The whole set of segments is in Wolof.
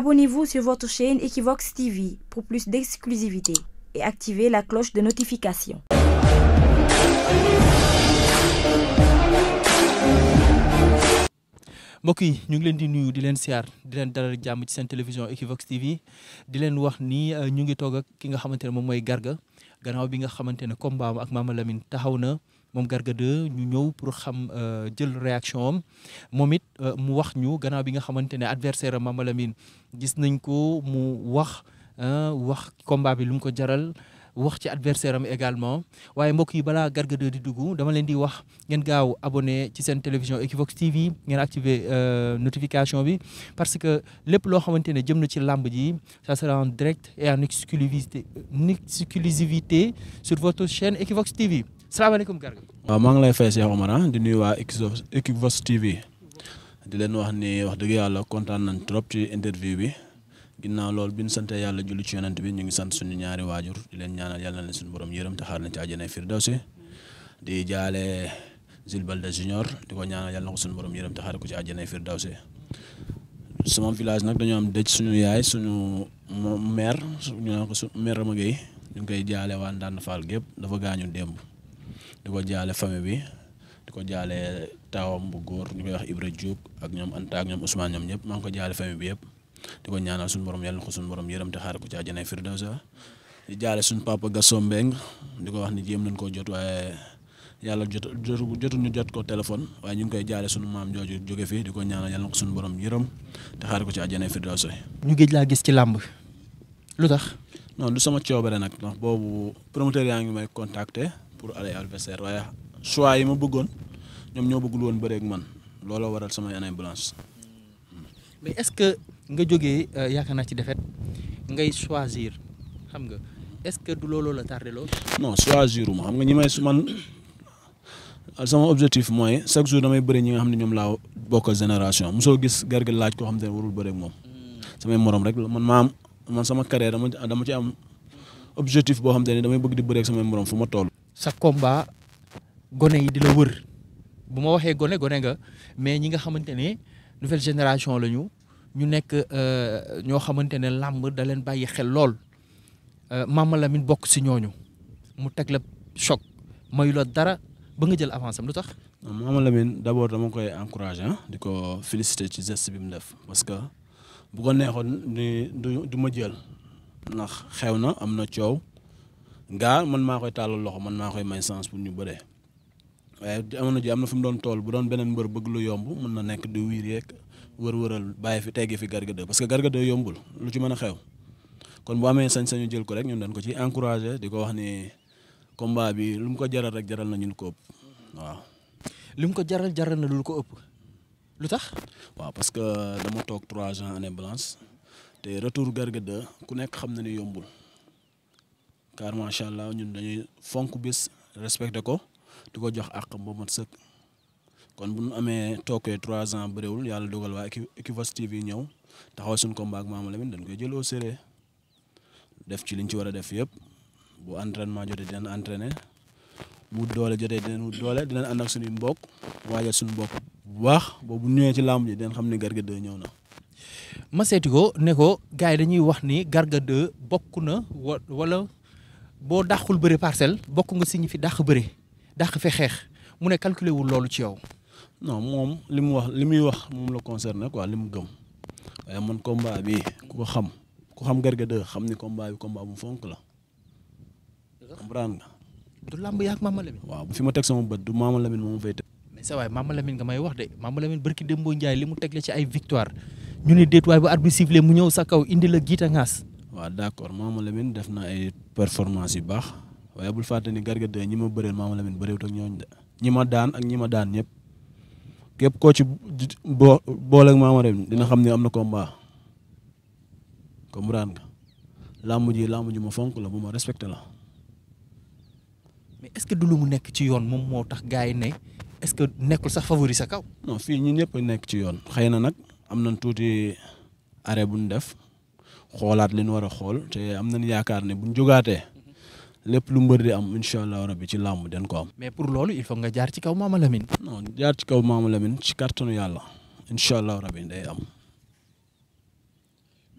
Abonnez-vous sur votre chaîne Equivox TV pour plus d'exclusivité la cloche de notification. mbokk yi ñu ngi leen di nuyu di leen di leen dalal jàmm ci seen télévision Equivox TV di leen wax ni euh, ñu ngi toog ak ki nga xamante ne moom mooy Garga gannaaw bi nga xamante ne combat am ak Mama Lamine taxaw na. moom Garga 2 ñu ñëw pour xam euh, jël réaction am moom it euh, mu wax ñu gannaaw bi nga xamante ne adversaire ma Mama Lamine gis nañ ko mu wax wax combat bi lu mu ko jaral wax ci adversaire am également waaye mbokk yi balaa Garga 2 di dugg dama leen di wax ngeen gaaw abonné ci seen télévision Equivox TV ngeen activer euh, notification bi parce que lépp loo xamante ne jëm na ci làmb ji ça sera en direct et en exclusivité en exclusivité sur votre chaîne TV salaamaaleykum Garga. waaw maa ngi lay fay Cheikh Omar ah, di nuyu waa Equivox TV di leen wax ni wax dëgg yàlla kontaan nañ trop ci interview bi ginnaaw lool bi ñu sant yàlla julli ci yonent bi ñu ngi sant suñu ñaari waajur di leen ñaanal yàlla na suñu borom yërëm te xaar nañ ci àjjana firdawsi di jaale Jules Baldé Junior di ko ñaanal yàlla na ko suñu borom yërëm te xaar ko ci àjjana firdawsi sama village nag dañoo am dëj suñu yaay suñu maire ñu naan ko su maire Rama Gueye ñu koy jaale waa Ndande Fall gépp dafa gaañu démb. di ko jaale famille bi di ko jaale taawam bu góor ñu koy wax Ibra Diop ak ñoom Anta ak ñoom Ousmane ñoom ñëpp maa ngi ko jaale famille bi yëpp di ko ñaanal suñu borom yàlla na ko suñu borom yërëm te xaar ko ci àjjana firdawsa di jaale suñu papa Gaston Mbengue di ko wax ni jéem nañ koo jot waaye yàlla jot jotuñu jot ko téléphone waaye ñu ngi koy jaale suñu maam jooju jóge fii di ko ñaanal yàlla ko suñu borom yërëm te xaar ko ci àjjana firdawsa ñu géej laa gis ci làmb lu tax non du sama coobare nag ndax boobu promoteur yaa ngi may contacter pour aller adversaire waaye choix yi ma bëggoon ñoom ñoo bëggul woon bëreek man looloo waral samay année blanche. Hmm. mais est-ce que nga jóge euh, yaakaar naa ci defet ngay choisir xam nga est-ce que du looloo la tardé loo. non choisir ma xam nga ñi may su man sama objectif mooy chaque jour damay bëri ñi nga xam ne ñoom laa bokkal génération soo gis garga laaj koo xam te ne warul bëreeg moom. Hmm. samay morom rek man maam man sama carrière dama dama ci am objectif boo xam te ne damay bëgg di bëreeg samay morom fu ma toll. sa combat gone yi di la wër bu ma waxee gone gone nga mais ñi nga xamante ne nouvelle génération la ñu ñu nekk euh, ñoo xamante ne làmb da leen bàyyi xel lool euh, Mama Lamine bokk si ñooñu mu teg la choc mayu la dara ba nga jël avance am lu tax. Mama Lamine d'abord dama koy encouragé di ko félicité ci geste bi mu def parce que bu ko neexoon du du ma jël. ndax xew na am na coow. gaa man maa koy tàllal loxo man maa koy may chance pour ñu bëree waaye amoon ji am na fu mu doon tool bu doon beneen mbër bëgg lu yomb mën na nekk di wiir yeeg wër-wëral bàyyi fi teggi fi Garga parce que Garga 2 yombul lu ci mën a xew kon bu amee sañ-sañu jël ko rek ñun dañ ko ci encouragé di ko wax ni combat bi lu mu ko jaral rek jaral na ñu ko ëpp waaw. lu mu ko jaral jaral na lu ko ëpp lu tax. waaw parce que dama toog trois ans année blanche te retour Garga ku nekk xam na ni yombul. car macha allah ñun dañuy fonk bis respecté ko di ko jox àq ba mat sëkk kon bu nu amee tookee trois ans bëréwul yàlla dogal waa Equivox TV ñëw taxaw suñ combat ak Mama Lamine dañ koy jël au def ci liñ ci war a def yëpp bu entraînement jotee dinañ entraîné bu doole jotee dinañ wut doole dinañ ànd ak suñuy mbokk waajal suñu mbokk bu baax boobu bu ci làmb ji dinañ xam ni Garga 2 ñëw na. ma seeti ko ne ko dañuy wax ni Garga bokk na wala. boo dàqul bari parcelle bokk nga si ñi fi dàq bari dàq fi xeex mu ne calculé wul loolu ci yow. non moom li mu wax li muy wax moom la concerné quoi li mu gëm waaye man combat bi ku ko xam ku xam Garga xam ni combat bi bu fonk la. comprendre nga. du làmb yaak Mama Lamine. waaw bu fi ma teg sama bët du Mama Lamine moom fay teg. mais sa waay Mama Lamine nga may wax de Mama Lamine barki Dembo Ndiaye li mu tegle ci ay victoire ñu ni déet waay bu arbitre sifflé mu ñëw sa kaw indi la giita ngaas waaw d' accord Mama def na ay performance yu baax waaye bul fàtte ni Garga ñi ma bëreel Mama Lamine bëreewut ak ñooñu de ñi ma daan ak ñi ma daan ñëpp képp koo ci boo booleeg Mama Lamine dina xam ne am na combat comprendre nga làmb ji làmb ji ma fonk la bu ma respecté la. mais est ce que du lu mu nekk ci yoon moom moo tax gars yi ne est ce que nekkul sax favori sa kaw. non fii ñun ñëpp nekk ci yoon xëy na nag am nañ tuuti arrêt bu ñu def. xoolaat li ñu a xool te am na nañ yaakaar ne bu ñu jógaatee lépp lu mbër de am incha allah rabbi ci làmb den ko am. mais pour loolu il faut nga jaar ci kaw Mama Lamine. non jaar ci kaw Mama Lamine ci kàttanu yàlla incha allah rabbi day am.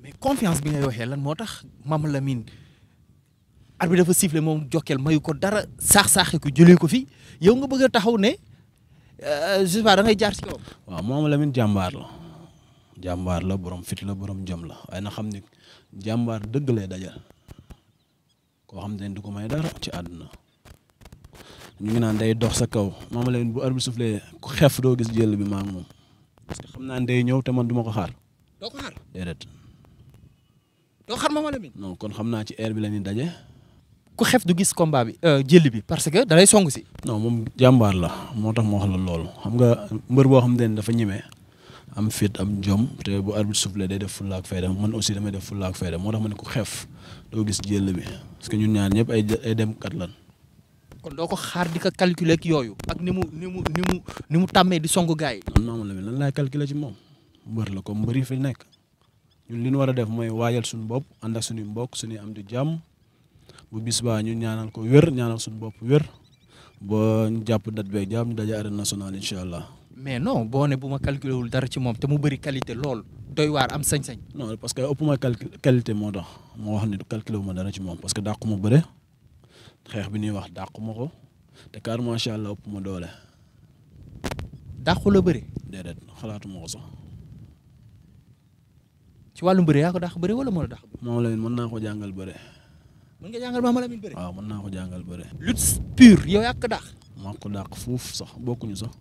mais confiance bi ngay waxee lan moo tax Mama Lamine ar bi dafa sifflé moom jokkeel mayu ko dara saax saaxi ko jëlee ko fi yow nga bëgg a taxaw ne euh, je sais pas jaar ci kaw. waaw Mama lamin jàmbaar la jàmbaar la borom fit la borom jom la waaye na xam ni jàmbaar dëgg lay dajal koo xam te ne du ko may dara ci àdduna ñu ngi naan day dox sa kaw maama leen bu arbitre soufflé ku xef doo gis jël bi maam moom parce que xam naa ne day ñëw te man du ko xaar. doo ko xaar déedéet. doo kon xam naa ci air bi la daje. ku xef du gis kombaa bi euh, jël bi parce que da lay song si. non moom jàmbaar la moo tax ma wax la loolu xam nga mbër boo xam te ne dafa ñemee. am fit am jom te bu arbitre soufflé day def fulla ak fayda man aussi damay def fulla ak fayda moo tax ma ne ku xeef doo gis jël bi parce que ñun ñaar ñëpp ay ay dem kat lan. kon doo ko xaar di ko calculer yooyu. ak ni mu ni mu ni mu ni mu tàmmee di song gars yi. man maamu la lan laay calculer ci moom mbër la comme mbër yi fi nekk ñun li ñu war a def mooy waajal suñu bopp ànd ak suñu mbokk suñu am di jàmm bu bis baa ñun ñaanal ko wér ñaanal suñ bopp wér boo jàpp date beeg jàmm ñu daje arène nationale incha allah. mais no boo bu ma calculé wul dara ci moom te mu bëri qualité lool doy waar am sañ-sañ. non parce que ëpp ma qualité moo tax moo wax ne calculé wu ma dara ci moom parce que dàqu ma bëre xeex bi ñuy wax dàqu ma ko te kaar macha allah ëpp ma doole. dàqu la bëri. déedéet xalaatu ma ci wàllu mbëre yaa ko bëri wala moo la dàq. moom mën naa ko jàngal bëre. mën nga jàngal Mama Lamine bëre. mën naa ko jàngal bëre. lutte pure yow yaa ko dàq. maa ko dàq fuuf sax bokkuñu sax.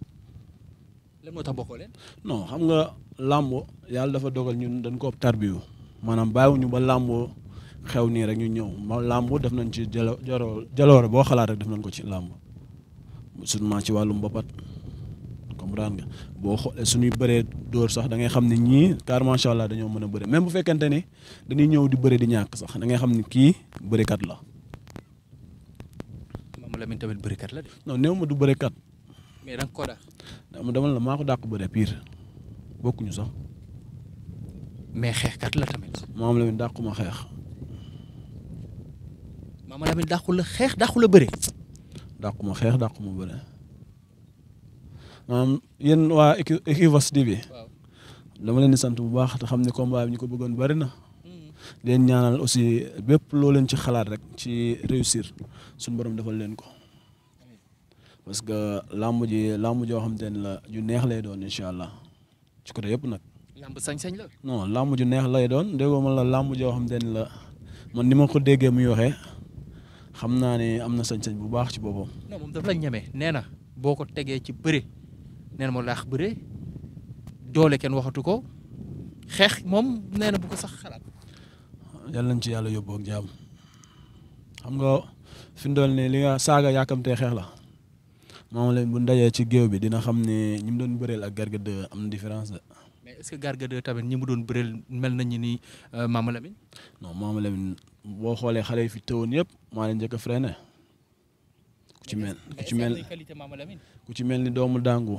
lan tax bokkoo leen. non xam nga làmbo yàlla dafa dogal ñun dañ ko tarbiyu maanaam bàyyiwuñu ba làmboo xew nii rek ñu ñëw ma làmbo def nañ ci jalo jaloore boo xalaat rek def nañ ko ci làmbo surtout ci wàllum bopat comprendre nga boo xoolee suñuy bëree dóor sax da ngay xam ni ñii car macha allah dañoo mën a bëre même bu fekkente ni dañuy ñëw di bëre di ñàkk sax dangay xam ni kii bërekat la. Mama Lamine tamit bërekat la de. ma du bërekat mais da nga ko dàq. dama la maa ko dàq bëre pire bokkuñu sax. mais xeexkat la tamit. maam Lamine dàqu ma xeex. maam Lamine dàqu la xeex dàqu la bëre. dàqu ma xeex dàqu ma bëre. maam yéen waa Equivox TV bi. dama leen sant bu baax te xam ne combat bi ñu ko bëggoon bari na. Hmm. leen ñaanal aussi bépp loo leen ci xalaat rek ci réussir suñu borom defal leen ko. parce que làmb ji làmb joo xam te ne la ju neex lay doon incha allah ci côté yëpp nag. làmb sañ-sañ la. non làmb ju neex lay doon déggoo ma la làmb joo xam te ne la man ni ma ko déggee muy waxee xam naa ne am na sañ bu baax ci boppam. non moom daf la ñeme nee na boo ko tegee ci bëre nee na ma laax bëre doole kenn waxatu ko xeex moom nee na bu ko sax xalaat. yàlla nañ ci yàlla yóbbu jàmm xam nga fi doon ne li nga saaga yàkkamtee xeex la. moom lañ bu ndajee ci géew bi dina xam ne ñi mu doon bëreel ak Garga 2 am na différence la. mais est-ce que tamit ñi mu doon bëreel mel nañu ni euh, Mama Lamine. non Mama Lamine boo xoolee xale yi fi teewoon yëpp maa leen njëkk a ku ci mel ku ci mel ku ci mel ni doomu dàngu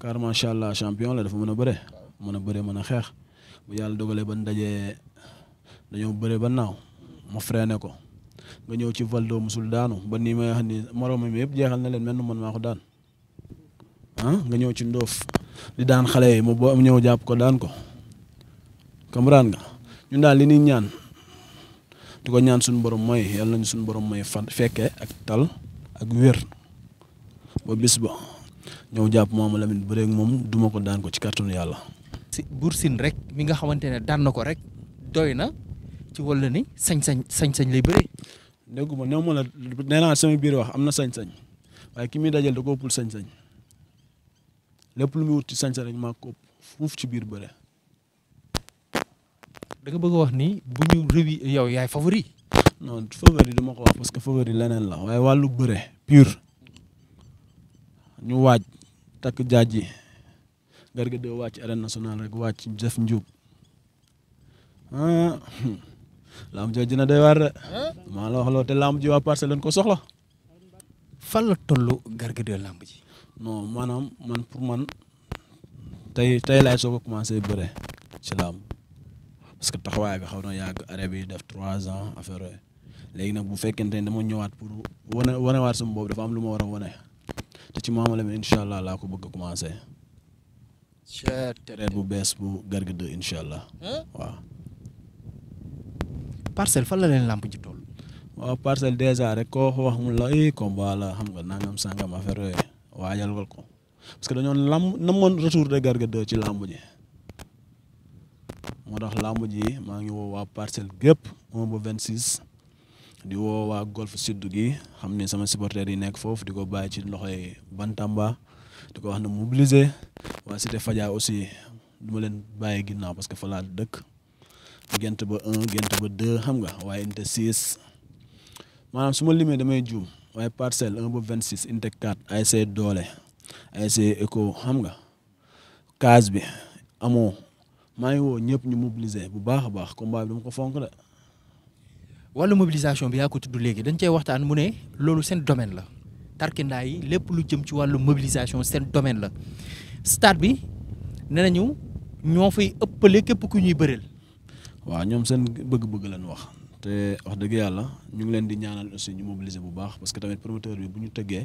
car macha allah champion la dafa mën a bëre mën a bëre mën a xeex bu yàlla dogalee ba ñu dañoo bëre ba naaw ma freiné ko. nga ñëw ci Valdo musul daanu ba nii may wax yëpp jeexal na leen mel ni man maa ko daan ah, nga ñëw ci ndoof di daan xale yi mu boo ñëw jàpp ko daan ko comprendre nga ñun daal li ñuy ñaan di ko ñaan suñu borom mooy yàlla nañu suñu borom mooy fan fekkee ak tal ak wér ba bis ba ñëw jàpp moom Lamine bëreeg moom duma ko daan ko ci kàttanu yàlla. si Bour Sine rek mi nga xamante ne daan na ko rek doy na ci wàllu ni sañ-sañ sañ lay bëri. dégguma néew ma la nee naa sama biir wax am na sañ-sañ waaye ki muy dajal da ko sañ-sañ lépp lu muy wut ci sañ-sañ maa ko fuuf ci biir bëre. da nga bëgg wax ni bu ñu rëwi yow yaay favori. non favori du ma ko wax parce que favori leneen la waaye wàllu bëre pur ñu waaj takk jaaj yi Garga de rek wàcc def njub lamb jooju dina doy waar de maa la wax loolu te lamb ji waa parcelle ko soxla. fan la toll Garga de lamb ji. non maanaam man pour man tey tey laay soo a commencé bëre ci lamb parce que taxawaay bi xaw na yàgg arrêt bi def trois ans affaire yooyu léegi nag bu fekkente ne dama ñëwaat pour wane wanewaat sama boobu dafa am lu ma war a wane te ci maamala mi incha allah laa ko bëgg a commencé. cher terrain bu bees bu Garga de incha allah waaw. parcelle fan la leen làmb ji toll. waaw parcelle dèjà rek koo wax mu la eh combat la xam nga nangam sangam affaire yooyu waajal ko parce que dañoo làmb namoon retour de Garga ci làmb ji. moo tax làmb ji maa ngi woo waa parcelle gépp moom ba 26 di woo waa golf sud gi xam ne sama supporters yi nekk foofu di ko bàyyi ci loxoy Bantamba di ko wax ne mobiliser waa Cité fajaa aussi du ma leen bàyyi ginnaaw parce que fa laa dëkk gént ba un gént ba deux xam nga waaye inte six maanaam su ma limee damay juum waaye parcelle un ba vingt six inte quatre ay say doole ay say écho xam nga case bi amoo maa ngi woo ñëpp ñu mobiliser bu baax a baax combat bi dama ko fonk de. wàllu mobilisation bi yaa ko tudd léegi dañ cey waxtaan mu ne loolu seen domaine la tarkindaa yi lépp lu jëm ci wàllu mobilisation seen domaine la stade bi nee nañu ñoo fay ëppale képp ku ñuy bëreel. waaw ñoom seen bëgg-bëgg lañ wax te wax dëgg yàlla ñu ngi leen di ñaanal aussi ñu mobiliser bu baax parce que tamit promoteur bi bu ñu tëggee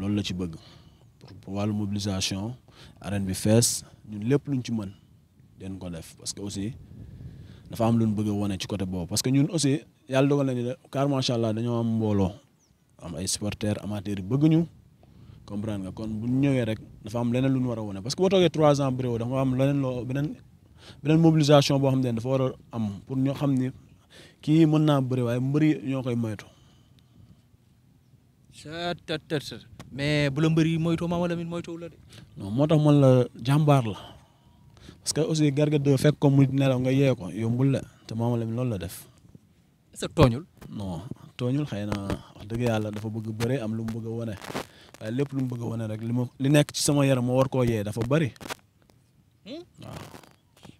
loolu la ci bëgg pour wàllu mobilisation arène bi fees ñun lépp luñ ci mën den ko def parce que aussi dafa am lu ñu bëgg a wane ci côté boobu parce que ñun aussi yàlla dogal nañu ne car macha allah dañoo am mbooloo am ay supporters amateurs yi bëgg ñu comprendre nga kon bu ñu ñëwee rek dafa am leneen lu ñu war a wane parce que boo toogee trois beneen mobilisation boo xam ne dafa war am pour ñoo xam ni kii mën naa bëri waaye mbëri ñoo koy moytu. mais bu la mbëri moytu Mama Lamine moytu la de. non moo tax man la jàmbaar la parce que aussi Garga fekk ko mu nelaw nga yee ko yombul la te Mama Lamine loolu la def. est-ce que tooñul. non tooñul xëy na wax dëgg yàlla dafa bëgg bëre am lu mu bëgg a wane waaye lépp lu mu bëgg a wane rek li ma li nekk ci sama yaram ma war koo yee dafa bëri hmm?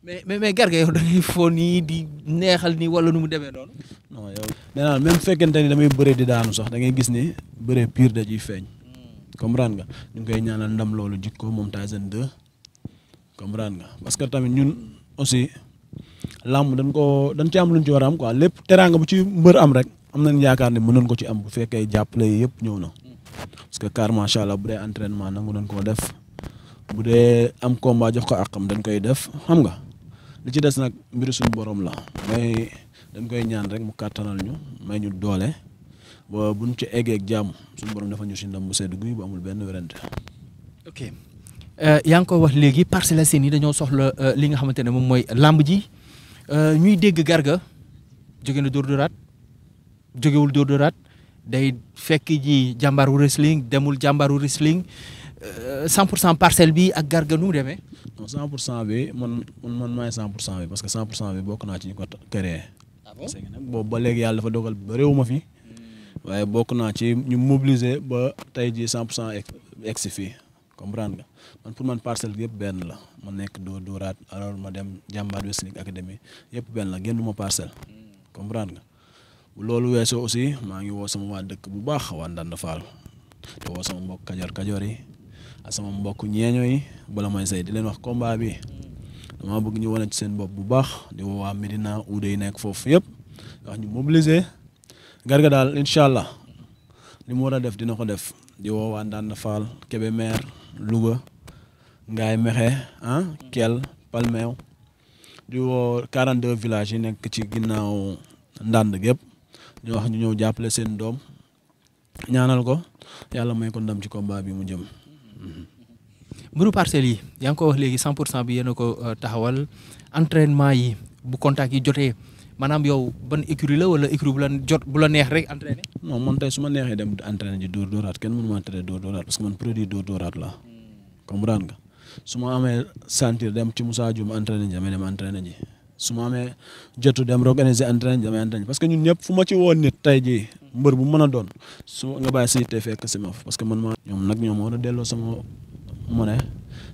mais mais mais Garga yow da ngay foo nii di neexal nii wala nu mu demee noonu. non yow nee naa même fekkente ni damay bëre di daanu sax da ngay gis ni bëre pire da ciy feeñ. Hmm. comprendre nga ñu ngi koy ñaanal ndam loolu jikko moom Tyson 2 comprendre nga parce que tamit ñun aussi làmb dañ ko dañ ci am luñ ci war a lépp teraanga bu ci mbër am rek am nañ yaakaar ne mënoon ko ci am bu fekkee jàppale yëpp ñëw na. parce que car allah bu dee entraînement nangu nañ koo def bu dee am combat jox ko àqam dañ koy def xam nga. li ci des nag mbiru suñu borom la may dañ koy ñaan rek mu kàttanal ñu may ñu doole ba buñ ci eggee ak jàmm suñu borom dafa ñu si ndam bu sedd guy bu amul benn werante ok euh, yaa ngi ko wax léegi Parcelles Assainies yi dañoo soxla euh, li nga xamante ne moom mooy làmb ji euh, ñuy dégg Garga jóge na dóor dóoraat jógewul dóor dóoraat day fekk ji jàmbaaru wrestling demul jàmbaaru wrestling 100 euh, pour cent parcelle bi ak Garga nu mu demee. non 100 pour cent bi man man maay 100 pour cent bi parce pour cent bi bokk naa ci ñu ko créé. Ah parce que boobu ba léegi yàlla dafa dogal ba réew ma fi. Hmm. waaye bokk naa ci ñu mobiliser ba tey jii 100 pour cent egg si fi comprendre nga man pour man parcelle yëpp benn la ma nekk doo dooraat alors ma dem jàmbaar Wrestling Academy yépp benn la génn ma parcelle. Hmm. comprendre nga loolu weesoo aussi maa ngi woo sama waa dëkk bu baax waa Ndanda Fall yi. ak sama mbokk ñeeño yi bala may say di leen wax combat bi dama bëgg ñu wane ci seen bopp bu baax di woo waa Medina uude yi nekk foofu yëpp wax ñu mobiliser garga daal incha allah li mu war a def dina ko def di woo waa Ndanda Fall Kébémer Louga Ngaye Mexe ah Kell Palmeew di woo 42 villages yi nekk ci ginnaaw ndànd gépp di wax ñu ñëw jàppale seen doom ñaanal ko yàlla may ko ndam ci komba bi mu jëm. Mhm. mbiru parcelles yi yaa ngi ko wax léegi cent pour cent bi yéen a ko euh, taxawal entraînement yi bu contact yi jotee maanaam yow ban écurie la wala écurie bu la jot bu la neex rek entraîné. non man tey su ma neexee dem entraîné ji door dóoraat kenn mënu ma entraîné dóor dóoraat parce que man produit dóor dóoraat la hmm. comprendre nga su ma amee sentir dem ci Moussa Dioum entraîné ji damay dem entraîné ji su ma amee jotu dem organiser entraîné ji damay entraîné parce que ñun ñëpp fu ma ci woon nit tey mbër bu mën a doon su nga bàyyi sa yitte fekk si ma parce que man maa ñoom nag ñoom war a delloo sama monnaie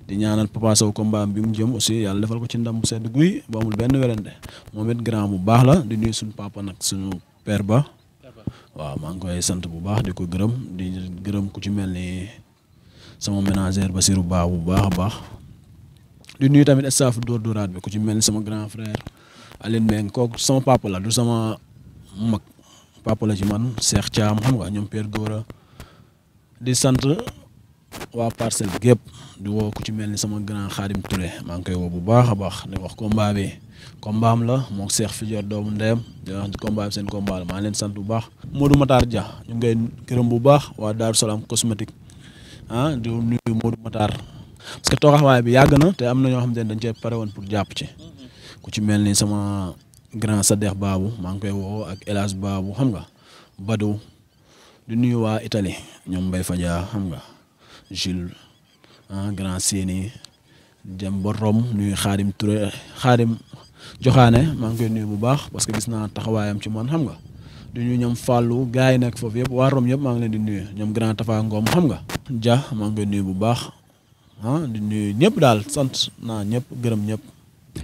di ñaanal Papa Sow mbaam bi mu jëm aussi yàlla defal ko ci ndam bu sedd guy bu amul benn werante moom it grand bu baax la di nuyu suñu papa nag suñu père ba waaw maa ngi koy sant bu baax di ko gërëm di gërëm ku ci mel ni sama ménagère Basirou Ba bu baax a baax di nuy tamit staff Dóor Dóoraat bi ku ci mel ni sama grand frère Aline Mbengue kooku sama papa la du sama mag papa ci man Cheikh Thiam xam nga ñoom Père Gora di sant waa parcelle gépp di woo ku ci mel ni sama grand Xaadim Touré maa ngi koy woo bu baax a baax di wax combat bi combat am la moom Cheikh Fidior doomu ndeyam di wax combat bi seen combat la maa leen sant bu baax. Modou Matar ja ñu ngi koy gërëm bu baax waa Darou Salaam cosmétique ah di nuyu Modou Matar parce que toogaxawaay bi yàgg na te am na ñoo xam ne dañ cee pare woon pour jàpp ci ku ci mel ni sama. grand Sadex Baabu maa ngi koy woo ak El Hadj Baabu xam nga bado di nuyu waa Italie ñoom mbay Fadia xam nga Jules ah grand Séni dem ba Rome nuyu Xaadim Touré Xaadim Joxaane maa ngi koy nuyu bu baax parce que gis naa taxawaayam ci man xam nga di nuyu ñoom Fallou gars yi nekk foofu yëpp waa Rome yëpp maa ngi leen di nuyu ñoom grand Tafa Ngom xam nga. Dia maa ngi koy nuyu bu baax ah di nuyu ñëpp daal sant naa ñëpp gërëm ñëpp.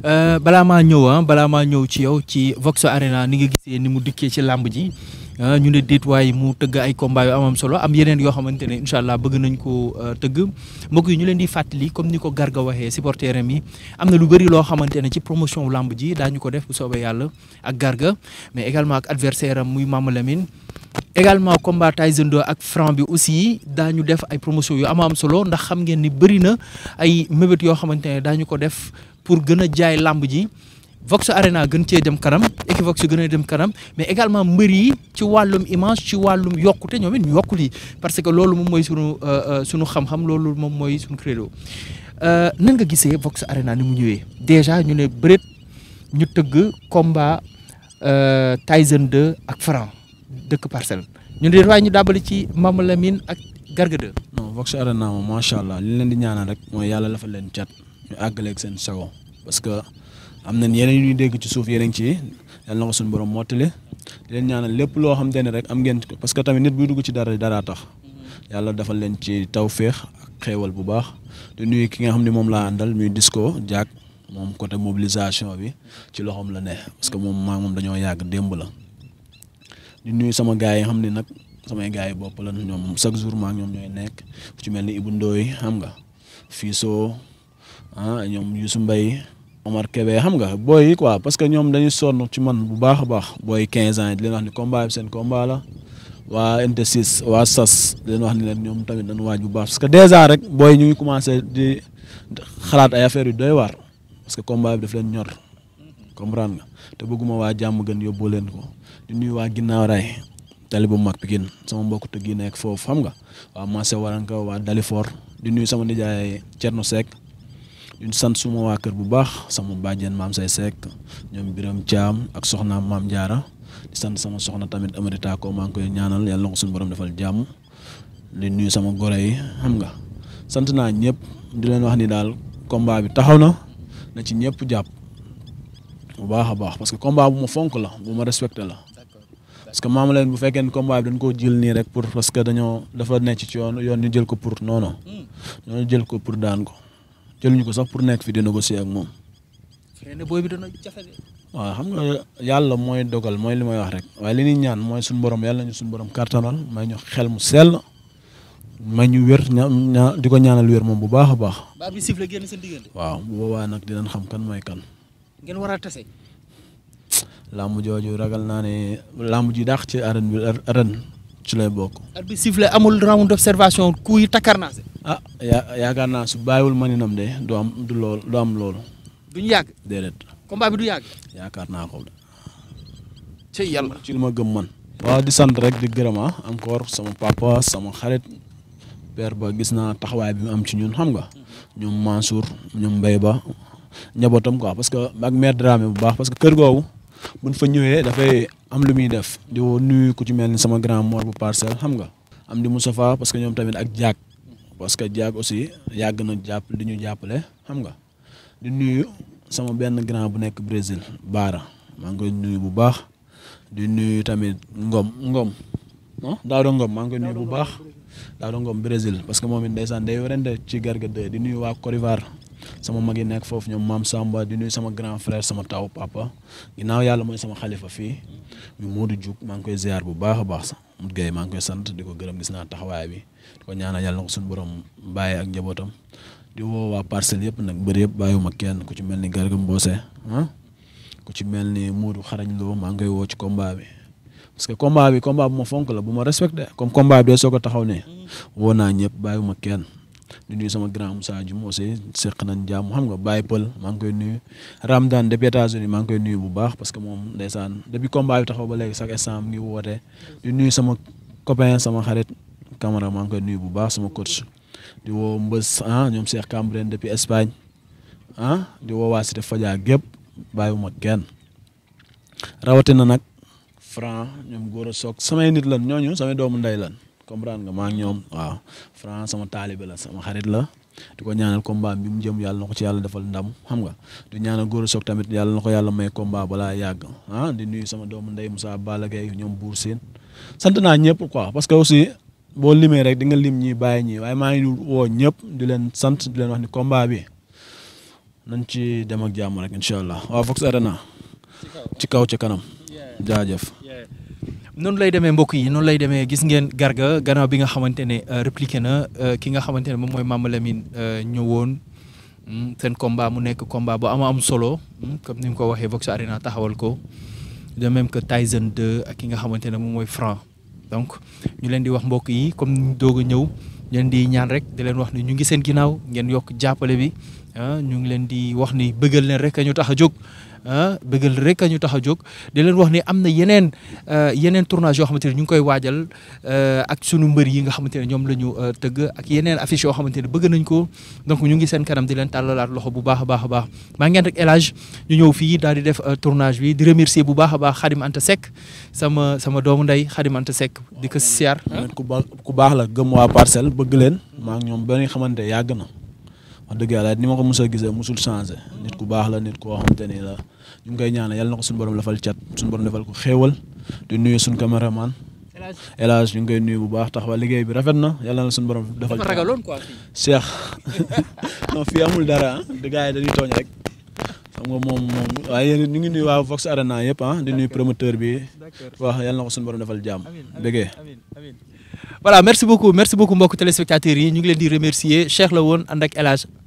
Euh, balaa maa ñëw ah balaa maa ñëw ci yow ci Vox Arena ni nga gisee ni mu dikkee ci làmb ji ah, ñu ne déet mu tëgg ay combat yu amam solo am yeneen yoo xamante ne incha allah bëgg nañ ko euh, tëgg mbokk yi ñu leen di fàttali comme ni ko Garga waxee supporter am yi am na lu bëri loo xamante ne ci promotion wu làmb ji daañu ko def bu soobee yàlla ak Garga mais également ak adversaire am muy Mama Lamine également combat Tyson ak Franc bi aussi daa ñu def ay promotion yu am am solo ndax xam ngeen ni bëri na ay mébét yoo xamante ne daañu ko def pour gën a jaay làmb ji Vox Arena gën cee dem kanam Equivox gën a dem kanam mais également mbër yi ci wàllum image ci wàllum yokkute ñoom it ñu yokku parce que loolu moom mooy sunu euh, euh, sunu xam-xam loolu moom mooy sunu credo euh, nan nga gisee Vox Arena ni mu ñëwee déjà ñu ne bëreet ñu tëgg combat Tyson 2 ak Franc dëkk parcelle ñu ne waaye ñu dàbbali ci Mama Lamine ak Garga 2. non Vox Arena moom macha allah li leen di ñaanal rek mooy yàlla la fa leen cat. ñu àggaleek seen sago parce que am nañ yeneen ñuy dégg ci suuf yeneen ci yal na ko suñu borom mottali di leen ñaana lépp loo xam te ne rek am ngeen parce que tamit nit buy dugg ci dara dara tax yàlla defal leen ci tawféex ak xéewal bu baax di nuyu ki nga xam ne moom laa àndal muy disco jaag moom côté mobilisation bi ci loxoom la ne parce que moom maa moom dañoo yàgg démb la di nuyu sama gars yi xam ne nag samay gars yi bopp la ñoom chaque jour maa ñoom ñooy nekk ci mel ni Ibou xam nga fii soo ah ñoom Youssou mbay Omar Kébé xam nga booy yi parce que ñoom dañuy sonn ci man bu baax a baax booy 15 ans di leen wax ni combat seen combat waa nt waa SAS di leen wax ni leen ñoom tamit dañu waaj bu baax parce que dèjà rek booy ñu ngi commencé di xalaat ay affaire yu doy waar parce que combat bi daf ñor comprendre nga te bëgguma waa jàmm gën yóbboo leen ko di nuyu waa ginnaaw raay tali bu mag Pikine sama mbokk tëgg yi nekk foofu xam nga waa Massé Waranka waa Dalifor di nuyu sama nijaay Thierno Seck. ñu sant suma waa kër bu baax sama bàjjen maam say Seck ñoom Biram caam ak soxnaam maam Diarra di sant sama soxna tamit Amarita ko maa ngi koy ñaanal yàlla na ko suñu borom defal jàmm di nuyu sama gore yi xam nga sant naa ñëpp di leen wax ni daal combat bi taxaw na na ci ñëpp jàpp bu baax a baax parce que combat bu ma fonk la bu ma respecté la. parce que maam leen bu fekkee ne combat bi dañ koo jël nii rek pour parce que dañoo dafa nekk ci yoon yoon ñu jël ko pour non non mm. ñoo jël ko pour daan ko. jëluñu ko sax pour nekk fi di négocier ak moom. xëy booy bi dana jafe de. xam nga yàlla mooy dogal mooy li may wax rek waaye li ñuy ñaan mooy suñu borom yàlla ñu suñu borom kàttanal may ñu xel mu sell may ñu wér ña ña di ko ñaanal wér moom bu baax a baax. ba bi sifle génn seen diggante. waaw bu boobaa nag dinañ xam kan mooy kan. ngeen war a tase. làmb jooju ragal naa ne làmb ji dàq ci arène bi arène ci lay bokk. arbitre bi sifflé amul round d'observation ku yi takkar naa ah yaa yaakaar naa su bàyyiwul maninam de du am lool du am loolu. duñu yàgg déedéet. combat bi du yàgg. yaakaar naa ko. ci yàlla ci li ma gëm man. waaw di sant rek di gërëm ah, encore sama papa sama xarit. père ba gis naa taxawaay bi mu am ci ñun xam nga. ñoom Mansour ñoom Mbaye ba njabootam quoi parce que ak mère Dramé bu baax parce que kër googu. buñ fa ñëwee dafay am lu muy def di woo nuyu ku ci mel ni sama grand mor bu parcelle xam nga am di Moustapha parce que ñoom tamit ak jaag parce que jaag aussi yàgg na jàpp di ñu jàppale xam nga di nuyu sama benn grand bu nekk Brésil Baara maa ngi koy nuyu bu baax di nuyu tamit Ngom Ngom ah Daouda Ngom maa ngi koy nuyu bu baax Daouda Ngom Brésil parce que moom it ndeysaan day werante ci garga de di nuyu waa Côte sama mag yi nekk foofu ñoom maam Samba di nuy sama grand frère sama taw papa ginnaaw yàlla mooy sama xalifa fii mu Modou Diouf maa ngi koy ziar bu baax a baax sax Modou Gueye maa ngi koy sant di ko gërëm gis naa taxawaay bi di ko ñaanal yàlla na ko suñu borom bàyyi ak jabootam di woo waa parcelle yëpp nag bëri yëpp baay bàyyiwuma kenn ku ci mel ni Garga Mbossé ah ku ci mel ni Modou Xarañ Lo maa ngi koy woo ci combat bi. parce que combat bi combat bu ma fonk la bu ma respecté comme combat bi dee soo ko taxaw ne woo naa ñëpp bàyyiwuma kenn. di nuyu sama grand Moussa Dioum aussi seq nañ jàmm xam nga Baye Pël maa ngi koy nuyu Ramdan depuis États-Unis maa ngi koy nuyu bu baax parce que moom ndeysaan depuis combat bi taxaw ba léegi chaque instant mu ngi woote di nuyu sama copain sama xarit Camara maa ngi koy nuyu bu baax sama coach di woo Mbës ah ñoom Cheikh Cambrène depuis ah di woo waa Cité Fadia gépp bàyyiwuma kenn rawatina nag Franc ñoom góor a soog samay nit lan ñooñu samay doomu ndey lan comprendre nga maa ngi ñoom waaw Franc sama taalibe la sama xarit la di ko ñaanal combat bi mu jëm yàlla na ko ci yàlla defal ndam xam nga di ñaanal góor soog tamit yàlla na ko yàlla may combat balaa yàgg ah di nuyu sama doomu ndey Moussa Balla Gaye ñoom Bour Sine sant naa ñëpp ko parce que aussi boo limee rek di nga lim ñi bàyyi ñi waaye maa ngi woo ñëpp di leen sant di leen wax ni combat bi nañ ci dem ak jàmm rek incha allah waaw Vox Arena ci kaw ci kanam noonu lay demee mbokk yi noonu lay demee gis ngeen Garga gannaaw bi nga xamante ne euh, répliqué na euh, ki nga xamante ne moom mooy Mama Lamine euh, ñëwoon hmm, seen combat mu nekk combat bu ama am solo hmm, comme ni mu ko waxee Vox Arena taxawal ko de même que Tyson 2 ak ki nga xamante ne moom mooy Franc donc ñu leen di wax mbokk yi comme ni doog a ñëw ñu leen di ñaan rek di leen wax ni ñu ngi seen ginnaaw ngeen yokk jàppale bi ah, ñu ngi leen di wax ni bëggal leen rek ñu tax a jóg Ah, bëggal rek a ñu tax a jóg di leen wax ni am na yeneen euh, yeneen tournage yoo xamante ne ñu ngi koy waajal euh, ak sunu mbër yi nga xamante ne ñoom la ñu euh, tëgg ak yeneen affiche yoo xamante ne bëgg nañ ko donc ñu ngi seen kanam di leen tàllalaat loxo bu baax a baax a baax maa ngeen rek élage ñu ñëw fii daal di def tournage bi di remercier bu baax a baax Xadim Anta Seck sama sama doomu ndey Xadim Anta sekk di ko siyaar ku baax la gëm waa parcelle bëgg leen maa ngi ñoom benn xamante yàgg na wax dëgg yàlla ni ma ko mos a gisee mosul changé nit baax la nit koo xamante ngi koy ñaanal yàlla na ko suñu borom lafal cat suñu borom defal ko xéewal di nuyu suñu caméraman El Hadj ñu ngi koy nuyu bu baax taxawal liggéey bi rafet na yàlla na borom defal cat ragaloon quoi Cheikh non fii dara ah. di yi dañuy tooñ rek xam nga moom moom waaye ñu ngi nuyu waa Vox Arena yëpp ah di nuyu promoteur bi wax yàlla na ko suñu borom defal jàmm bëggee voilà merci beaucoup merci beaucoup mbokk téléspectateurs yi ñu ngi leen di remercier Cheikh la woon ànd ak El